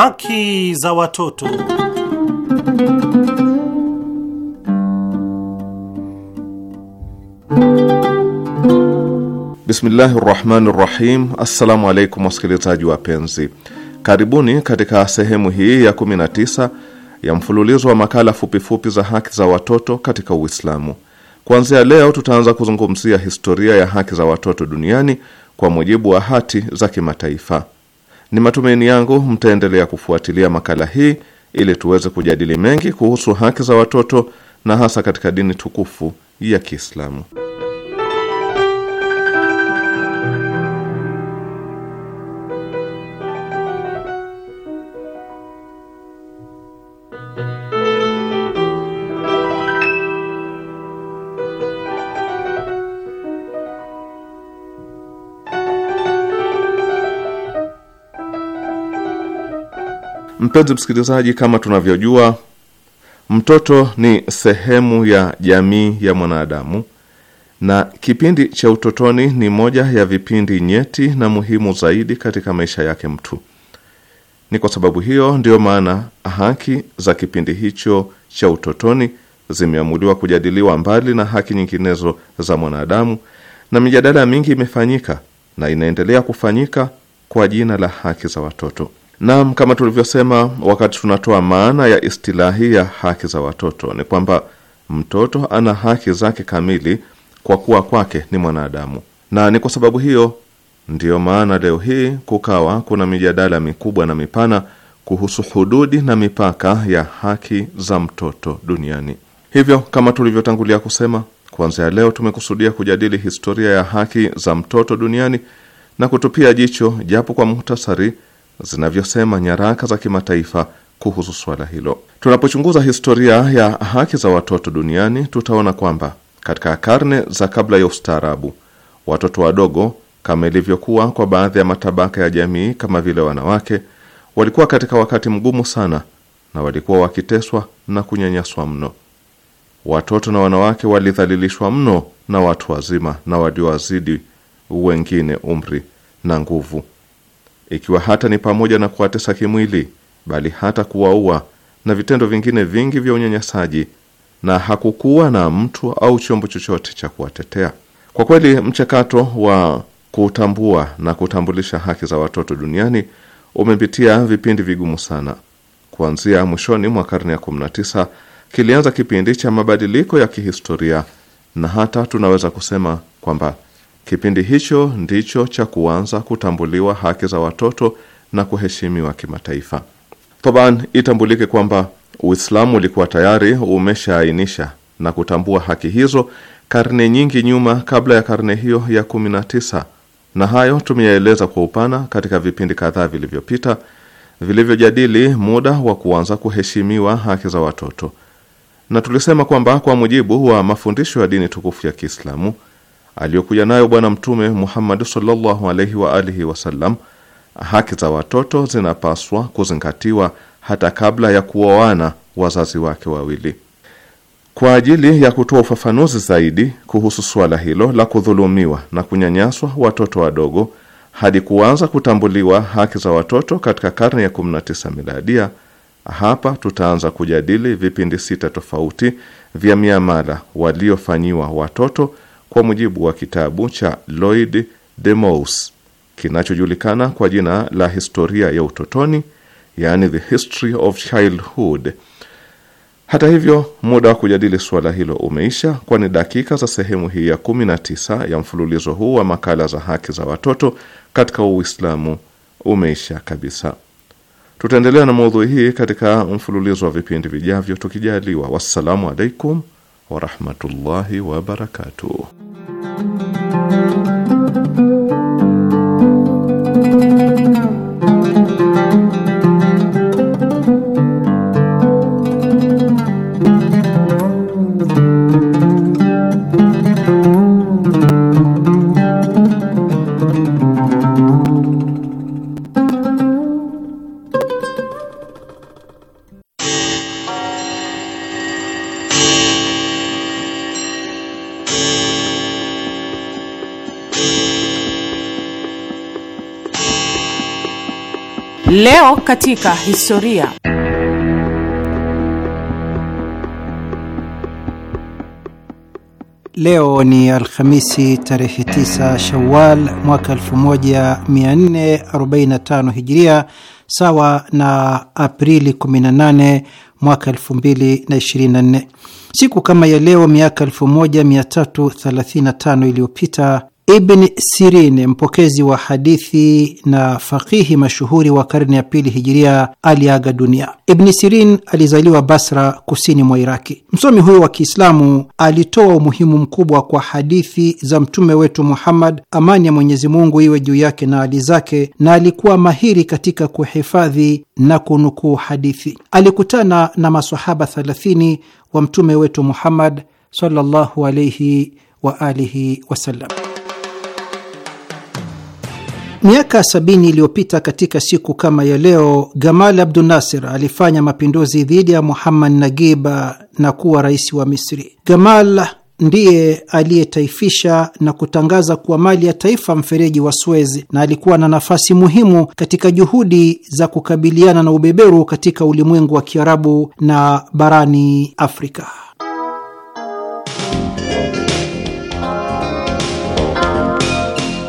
Haki za watoto. Bismillahi rahmani rahim. Assalamu alaikum wasikilizaji wapenzi, karibuni katika sehemu hii ya 19 ya mfululizo wa makala fupifupi za haki za watoto katika Uislamu. Kuanzia leo tutaanza kuzungumzia historia ya haki za watoto duniani kwa mujibu wa hati za kimataifa. Ni matumaini yangu mtaendelea kufuatilia makala hii ili tuweze kujadili mengi kuhusu haki za watoto na hasa katika dini tukufu ya Kiislamu. Mpenzi msikilizaji, kama tunavyojua, mtoto ni sehemu ya jamii ya mwanadamu na kipindi cha utotoni ni moja ya vipindi nyeti na muhimu zaidi katika maisha yake mtu. Ni kwa sababu hiyo ndiyo maana haki za kipindi hicho cha utotoni zimeamuliwa kujadiliwa mbali na haki nyinginezo za mwanadamu, na mijadala mingi imefanyika na inaendelea kufanyika kwa jina la haki za watoto. Naam, kama tulivyosema wakati tunatoa maana ya istilahi ya haki za watoto ni kwamba mtoto ana haki zake kamili kwa kuwa kwake ni mwanadamu, na ni kwa sababu hiyo ndiyo maana leo hii kukawa kuna mijadala mikubwa na mipana kuhusu hududi na mipaka ya haki za mtoto duniani. Hivyo, kama tulivyotangulia kusema, kuanzia leo tumekusudia kujadili historia ya haki za mtoto duniani na kutupia jicho japo kwa muhtasari zinavyosema nyaraka za kimataifa kuhusu suala hilo. Tunapochunguza historia ya haki za watoto duniani, tutaona kwamba katika karne za kabla ya ustaarabu, watoto wadogo, kama ilivyokuwa kwa baadhi ya matabaka ya jamii kama vile wanawake, walikuwa katika wakati mgumu sana na walikuwa wakiteswa na kunyanyaswa mno. Watoto na wanawake walidhalilishwa mno na watu wazima na waliowazidi wengine umri na nguvu ikiwa hata ni pamoja na kuwatesa kimwili, bali hata kuwaua na vitendo vingine vingi vya unyanyasaji, na hakukuwa na mtu au chombo chochote cha kuwatetea. Kwa kweli mchakato wa kutambua na kutambulisha haki za watoto duniani umepitia vipindi vigumu sana. Kuanzia mwishoni mwa karne ya 19 kilianza kipindi cha mabadiliko ya kihistoria, na hata tunaweza kusema kwamba Kipindi hicho ndicho cha kuanza kutambuliwa haki za watoto na kuheshimiwa kimataifa. Taban, itambulike kwamba Uislamu ulikuwa tayari umeshaainisha na kutambua haki hizo karne nyingi nyuma kabla ya karne hiyo ya 19 na hayo tumeyaeleza kwa upana katika vipindi kadhaa vilivyopita vilivyojadili muda wa kuanza kuheshimiwa haki za watoto, na tulisema kwamba kwa mujibu wa mafundisho ya dini tukufu ya Kiislamu aliyokuja nayo Bwana Mtume Muhammad sallallahu alaihi wa alihi wasallam, haki za watoto zinapaswa kuzingatiwa hata kabla ya kuoana wazazi wake wawili. Kwa ajili ya kutoa ufafanuzi zaidi kuhusu suala hilo la kudhulumiwa na kunyanyaswa watoto wadogo hadi kuanza kutambuliwa haki za watoto katika karne ya 19 miladia, hapa tutaanza kujadili vipindi sita tofauti vya miamala waliofanyiwa watoto kwa mujibu wa kitabu cha Lloyd de Mous kinachojulikana kwa jina la Historia ya Utotoni, yani The History of Childhood. Hata hivyo, muda wa kujadili suala hilo umeisha, kwani dakika za sehemu hii ya 19 ya mfululizo huu wa makala za haki za watoto katika Uislamu umeisha kabisa. Tutaendelea na maudhui hii katika mfululizo wa vipindi vijavyo tukijaliwa. Wassalamu alaikum ورحمة الله وبركاته Leo katika historia. Leo ni Alhamisi tarehe 9 Shawal mwaka 1445 Hijiria, sawa na Aprili 18 mwaka 2024. Siku kama ya leo miaka 1335 iliyopita Ibn Sirin, mpokezi wa hadithi na fakihi mashuhuri wa karne ya pili hijiria, aliaga dunia. Ibn Sirin alizaliwa Basra, kusini mwa Iraki. Msomi huyo wa Kiislamu alitoa umuhimu mkubwa kwa hadithi za mtume wetu Muhammad, amani ya Mwenyezi Mungu iwe juu yake na ali zake, na alikuwa mahiri katika kuhifadhi na kunukuu hadithi. Alikutana na masahaba 30 wa mtume wetu Muhammad sallallahu alayhi wa alihi wasallam. Miaka sabini iliyopita katika siku kama ya leo, Gamal Abdu Nasir alifanya mapinduzi dhidi ya Muhammad Nagib na kuwa rais wa Misri. Gamal ndiye aliyetaifisha na kutangaza kuwa mali ya taifa mfereji wa Suez na alikuwa na nafasi muhimu katika juhudi za kukabiliana na ubeberu katika ulimwengu wa Kiarabu na barani Afrika.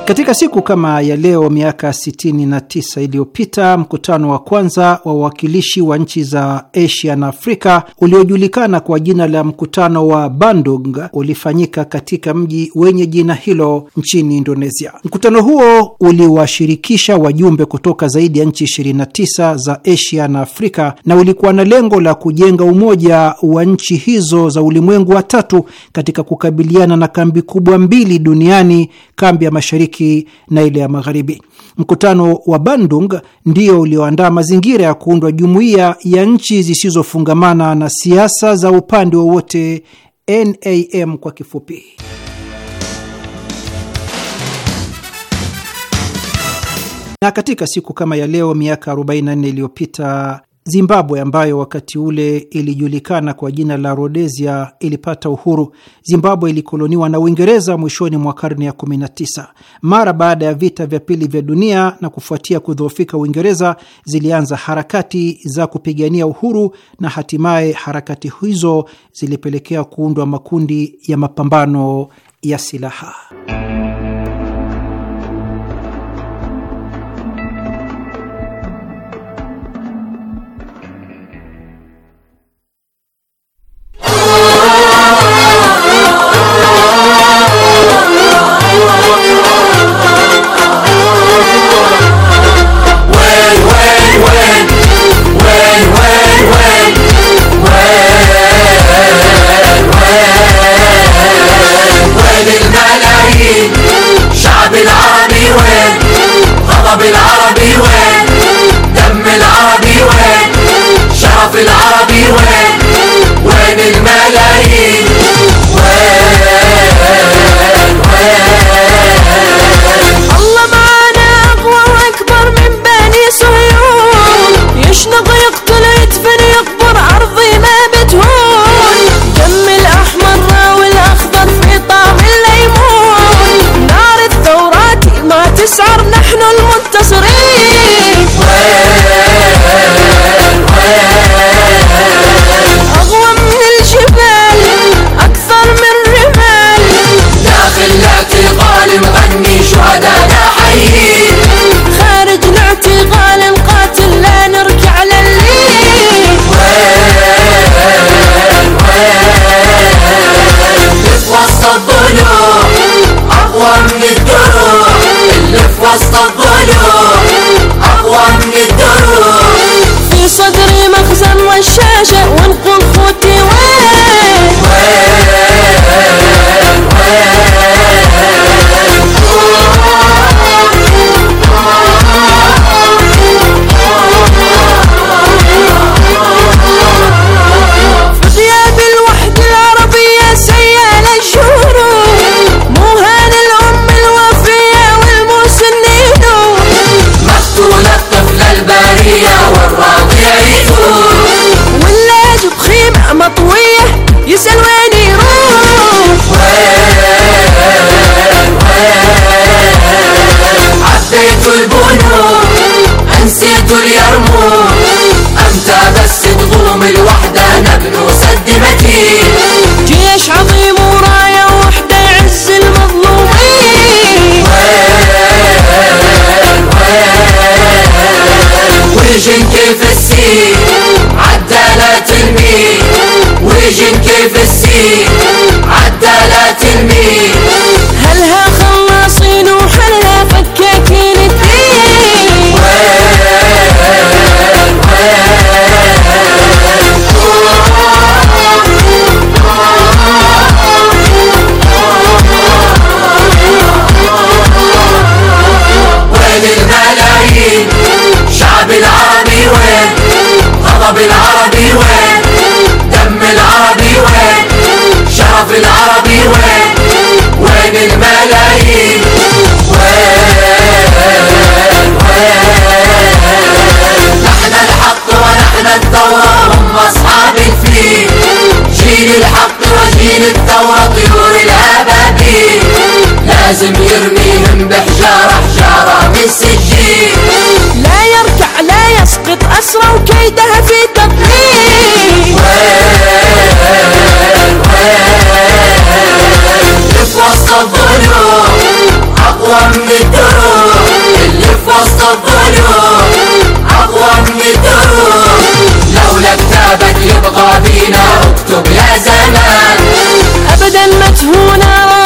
Katika siku kama ya leo miaka 69 iliyopita mkutano wa kwanza wa wawakilishi wa nchi za Asia na Afrika uliojulikana kwa jina la mkutano wa Bandung ulifanyika katika mji wenye jina hilo nchini Indonesia. Mkutano huo uliwashirikisha wajumbe kutoka zaidi ya nchi 29 za Asia na Afrika na ulikuwa na lengo la kujenga umoja wa nchi hizo za ulimwengu wa tatu katika kukabiliana na kambi kubwa mbili duniani, kambi ya mashariki Mashariki na ile ya Magharibi. Mkutano wa Bandung ndio ulioandaa mazingira ya kuundwa jumuiya ya nchi zisizofungamana na siasa za upande wowote, NAM kwa kifupi. Na katika siku kama ya leo miaka 44 iliyopita Zimbabwe ambayo wakati ule ilijulikana kwa jina la Rhodesia ilipata uhuru. Zimbabwe ilikoloniwa na Uingereza mwishoni mwa karne ya 19. Mara baada ya vita vya pili vya dunia na kufuatia kudhoofika Uingereza, zilianza harakati za kupigania uhuru na hatimaye harakati hizo zilipelekea kuundwa makundi ya mapambano ya silaha. Yeah. من الثورة طيور الأبابيل لازم يرميهم بحجارة حجارة من سجين لا يركع لا يسقط أسرى وكيدها في تضليل في وسط أقوى من الدروب اللي في وسط أقوى من الدروب لولا كتابك يبقى بينا اكتب يا زمان ابدا مدفونه